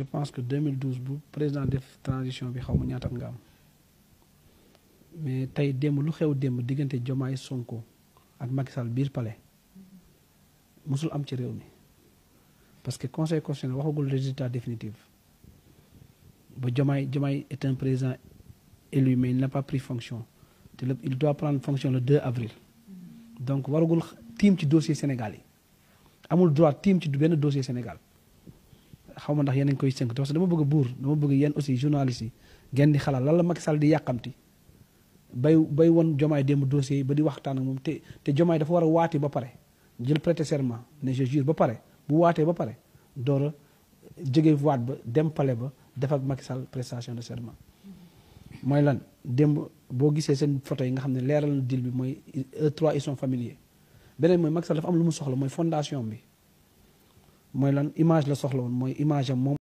je pense que 2012 bu président la transition bi xaw ma nga am mais tay dem lu xew dem diggante Diomaye Sonko ak Macky Sall biir palais musul am ci réew mi parce que conseil constitutionnel waxagul résultat définitif ba Diomaye Diomaye est un président élu mais il n'a pas pris fonction il doit prendre fonction le 2 avril donc waragul tim ci dossier sénégalais amul droit tim ci ben dossier Sénégal xaw ma ndax yéen a ngi koy sënk parce que dama bëgg buur dama bëgg yéen aussi journalistes yi ngeen di xalaat lan la Macky Sall di yàqamti bay bay won jomaay démb dossier yi ba di waxtaan ak moom te te jomaay dafa war a waati ba pare jël prêter serment ne je jure ba pare bu waatee ba pare door a jóge waat ba dem pale ba def ak Macky prestation de serment mooy lan démb boo gisee seen photo yi nga xam ne leeral dil bi mooy eux trois ils sont beneen mooy Macky Sall dafa lu mu soxla mooy fondation bi mooy lan image la soxla woon mooy image am moom